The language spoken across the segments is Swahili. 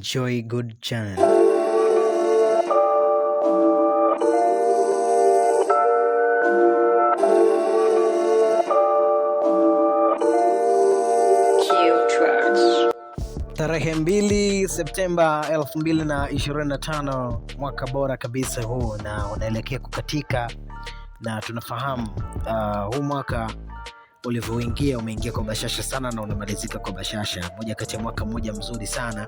Enjoy Good Channel. Tarehe 2 Septemba 2025, mwaka bora kabisa huu na unaelekea kukatika, na tunafahamu uh, huu mwaka ulivyoingia umeingia kwa bashasha sana na unamalizika kwa bashasha. Moja kati ya mwaka mmoja mzuri sana,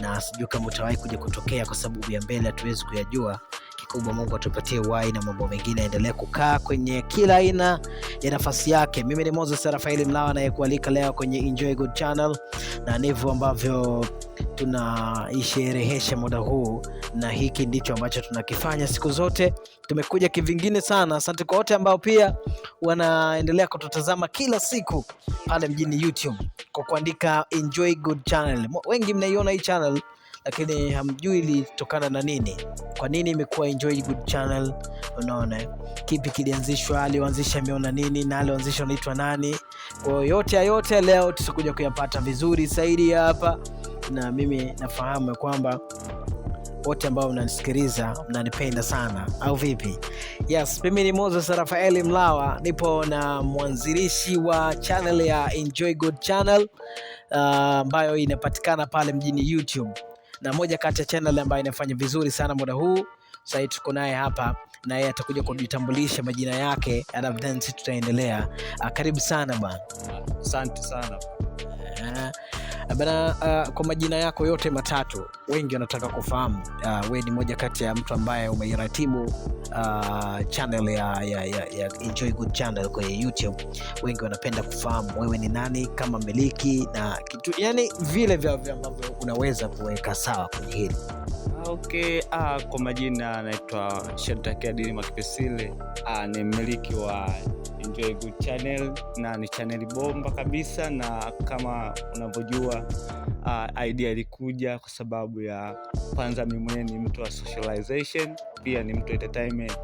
na sijui kama utawahi kuja kutokea, kwa sababu ya mbele hatuwezi kuyajua. Kikubwa Mungu atupatie uhai na mambo mengine yaendelee kukaa kwenye kila aina ya nafasi yake. Mimi ni Moses Rafaeli Mlawa anayekualika leo kwenye Enjoy Good Channel, na ndivyo ambavyo tunaisherehesha muda huu, na hiki ndicho ambacho tunakifanya siku zote. Tumekuja kivingine sana. Asante kwa wote ambao pia wanaendelea kututazama kila siku pale mjini YouTube kwa kuandika Enjoy Good Channel. Wengi mnaiona hii channel lakini hamjui ilitokana na nini, kwa nini imekuwa Enjoy Good Channel. Unaona kipi kilianzishwa, alioanzisha ameona nini, na alioanzisha anaitwa nani? Kwa yote ya yote leo tutakuja kuyapata vizuri zaidi hapa na mimi nafahamu ya kwamba wote ambao mnanisikiliza mnanipenda sana au vipi? Yes, mimi ni Moses Rafaeli Mlawa, nipo na mwanzilishi wa channel ya Enjoy Good Channel uh, ambayo uh, inapatikana pale mjini YouTube na moja kati ya channel ambayo inafanya vizuri sana muda huu. sahi tuko naye hapa na yeye atakuja kujitambulisha majina yake, alafu then tutaendelea. Uh, karibu sana bwana. Asante sana. Eh, Eh, bana, uh, kwa majina yako yote matatu, wengi wanataka kufahamu uh, eh, we ni moja kati ya mtu ambaye umeiratibu uh, channel ya, ya, ya, ya Enjoy Good Channel kwenye YouTube. Wengi wanapenda kufahamu wewe ni nani kama mmiliki na kitu, yani vile vya ambavyo unaweza kuweka sawa kwenye hili. Okay, ah, kwa majina anaitwa Shanta Makipesile, ah, ni mmiliki wa Enjoy Good Channel na ni channel bomba kabisa, na kama unavyojua uh, idea ilikuja kwa sababu ya kwanza, mimi mwenyewe ni mtu wa socialization, pia ni mtu entertainment.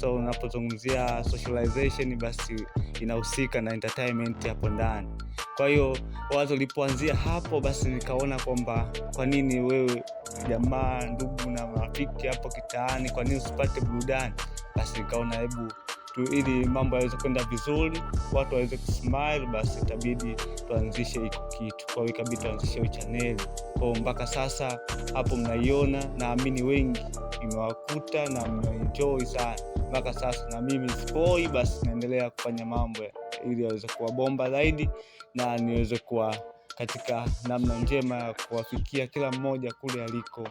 So unapozungumzia socialization, basi inahusika na entertainment hapo ndani. Kwa hiyo wazo lipoanzia hapo, basi nikaona kwamba kwa nini wewe jamaa, ndugu na marafiki hapo kitaani, kwa nini usipate burudani? Basi nikaona hebu ili mambo yaweze kwenda vizuri, watu waweze kusmile, basi itabidi tuanzishe iko kitu. Kwa hiyo ikabidi tuanzishe chaneli ko, mpaka sasa hapo mnaiona, naamini wengi imewakuta na mnaenjoy sana mpaka sasa, na mimi sipoi, basi naendelea kufanya mambo ili yaweze kuwa bomba zaidi na niweze kuwa katika namna njema ya kuwafikia kila mmoja kule aliko,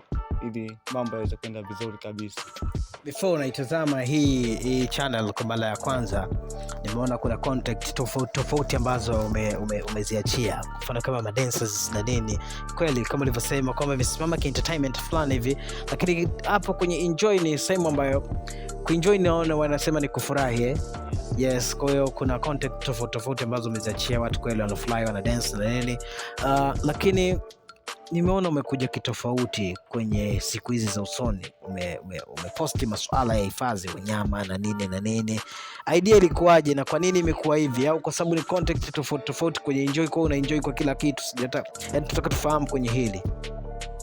ili mambo yaweze kwenda vizuri kabisa. Before unaitazama hii, hii channel kwa mara ya kwanza, nimeona kuna contact tofauti tofauti ambazo umeziachia ume, ume kwa mfano kama madances na nini. Kweli kama ulivyosema kwamba imesimama ki entertainment fulani hivi, lakini hapo kwenye enjoy ni sehemu ambayo kuenjoy naona wanasema ni kufurahi eh? Yes, kwa hiyo kuna content tofauti tofauti ambazo umeziachia watu kweli wanafly wana dance na nini uh, lakini nimeona umekuja kitofauti kwenye siku hizi za usoni, umeposti ume, ume masuala ya hifadhi wanyama na nini na nini, idea ilikuwaje na kwa nini imekuwa hivi? Au kwa sababu ni tofauti tofauti kwenye enjoy kwa una enjoy kwa kila kitu? Sijataka yani, tutaka tufahamu kwenye hili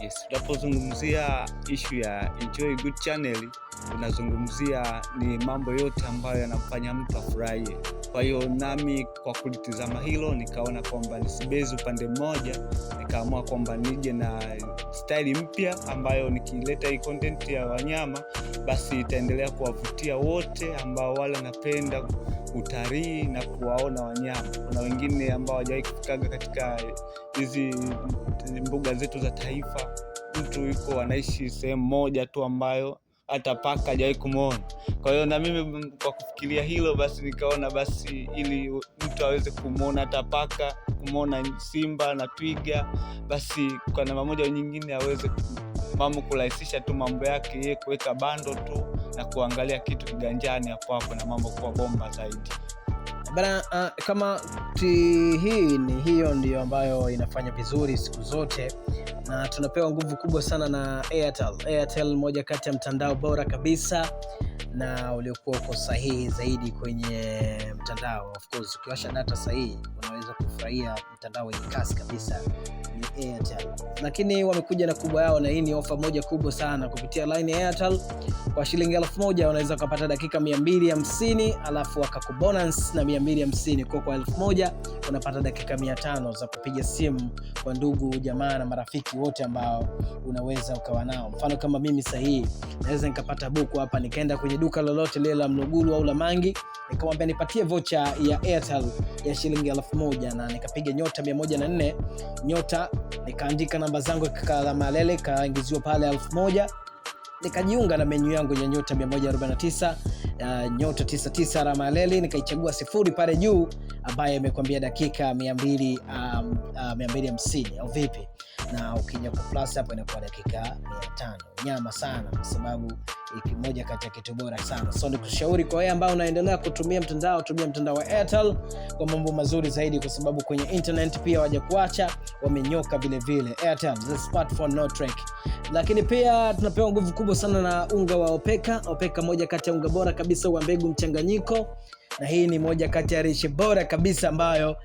yes. Tunapozungumzia ishu ya enjoy good channel, tunazungumzia ni mambo yote ambayo yanamfanya mtu afurahie kwa hiyo nami kwa kulitizama hilo nikaona kwamba nisibezi upande mmoja, nikaamua kwamba nije na staili mpya ambayo nikileta hii content ya wanyama basi itaendelea kuwavutia wote ambao wale wanapenda utalii na kuwaona wanyama. Kuna wengine ambao hawajawahi kufikaga katika hizi mbuga zetu za taifa. Mtu yuko anaishi sehemu moja tu ambayo hata paka hajawahi kumwona. Kwa hiyo na mimi kwa kufikiria hilo, basi nikaona basi ili mtu aweze kumwona hata paka, kumwona simba na twiga, basi kwa namna moja au nyingine aweze mambo kurahisisha tu mambo yake, yeye kuweka bando tu na kuangalia kitu kiganjani hapo hapo, na mambo kuwa bomba zaidi. Bana, uh, kama ti hii ni hiyo ndiyo ambayo inafanya vizuri siku zote, na tunapewa nguvu kubwa sana na Airtel. Airtel moja kati ya mtandao bora kabisa na uliokuwa uko sahihi zaidi kwenye mtandao. Of course, ukiwasha data sahihi unaweza kufurahia mtandao wenye kasi kabisa ni Airtel, lakini wamekuja na kubwa yao, na hii ni ofa moja kubwa sana kupitia line ya Airtel. Kwa shilingi elfu moja unaweza ukapata dakika 250 alafu wakakubonus na 250 kwa kwa elfu moja unapata dakika 500 za kupiga simu kwa ndugu jamaa na marafiki wote ambao unaweza ukawa nao. Mfano kama mimi sasa hivi naweza nikapata buku hapa nikaenda kwenye duka lolote lile la Mlugulu au la Mangi nikamwambia nipatie vocha ya Airtel ya shilingi elfu moja na nikapiga nyota 104 nyota nikaandika namba zangu kala malele ikaingiziwa pale 1 nikajiunga na menyu yangu ya nyota 149 nyota 99 alama ya nikaichagua sifuri pale juu ambaye amekwambia dakika uh, 250 au vipi? Na ukija ku plus hapo inakuwa dakika 500. Nyama sana, kwa sababu moja kati ya kitu bora sana. So nikushauri kwa wewe ambao unaendelea kutumia mtandao, tumia mtandao wa Airtel kwa mambo mazuri zaidi, kwa sababu kwenye internet pia waje kuacha wamenyoka vile vile. Airtel the smartphone no trick. Lakini pia tunapewa nguvu kubwa sana na unga wa Opeka. Opeka moja kati ya unga bora kabisa wa mbegu mchanganyiko na hii ni moja kati ya lishe bora kabisa ambayo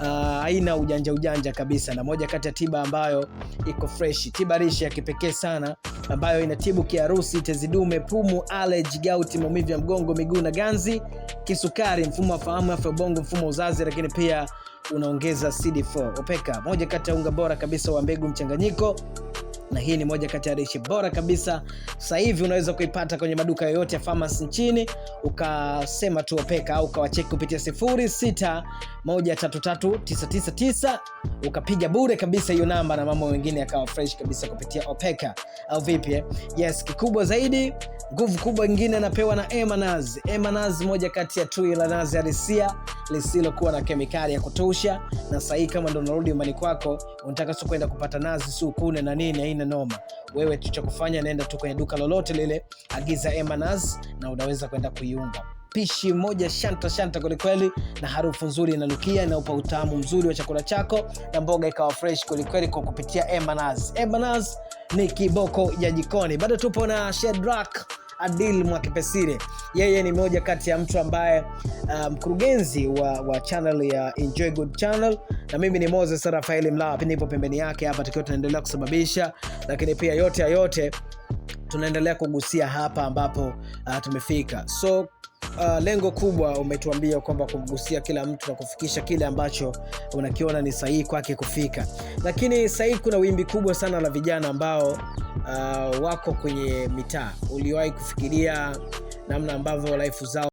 ah, haina uh, ujanja ujanja kabisa, na moja kati ya tiba ambayo iko fresh, tiba lishe ya kipekee sana ambayo inatibu kiharusi, tezi dume, pumu, allergy, gout, maumivu ya mgongo, miguu na ganzi, kisukari, mfumo wa fahamu, afya ubongo, mfumo wa uzazi, lakini pia unaongeza CD4. Opeka, moja kati ya unga bora kabisa wa mbegu mchanganyiko na hii ni moja kati ya lishe bora kabisa. Sasa hivi unaweza kuipata kwenye maduka yoyote ya famasi nchini, ukasema tu Opeka au ukawacheki kupitia 06133999 ukapiga bure kabisa hiyo namba, na mambo mengine yakawa fresh kabisa kupitia Opeka au vipi? Eh? Yes, kikubwa zaidi, nguvu kubwa nyingine napewa na Emanaz. Emanaz moja kati ya tui la nazi halisia lisilokuwa na kemikali ya kutosha. Na sahii kama ndo unarudi nyumbani kwako, unataka si kwenda kupata nazi, si ukune na nini, haina noma. Wewe tu cha kufanya, naenda tu kwenye duka lolote lile, agiza emanaz na unaweza kwenda kuiunga pishi moja shanta shanta kwelikweli, na harufu nzuri inanukia, inaupa utamu mzuri wa chakula chako, na mboga ikawa fresh kwelikweli kwa kupitia Emanaz. Emanaz ni kiboko ya jikoni. Bado tupo na Shedrack Adil Mwakipesire. yeye ni moja kati ya mtu ambaye uh, mkurugenzi um, wa, wa channel ya Enjoy Good Channel, na mimi ni Moses Rafael Mlawa, nipo pembeni yake hapa tukiwa tunaendelea kusababisha, lakini pia yote ya yote tunaendelea kugusia hapa ambapo uh, tumefika so Uh, lengo kubwa umetuambia kwamba kumgusia kila mtu na kufikisha kile ambacho unakiona ni sahihi kwake kufika, lakini sahii kuna wimbi kubwa sana la vijana ambao Uh, wako kwenye mitaa, uliwahi kufikiria namna ambavyo life zao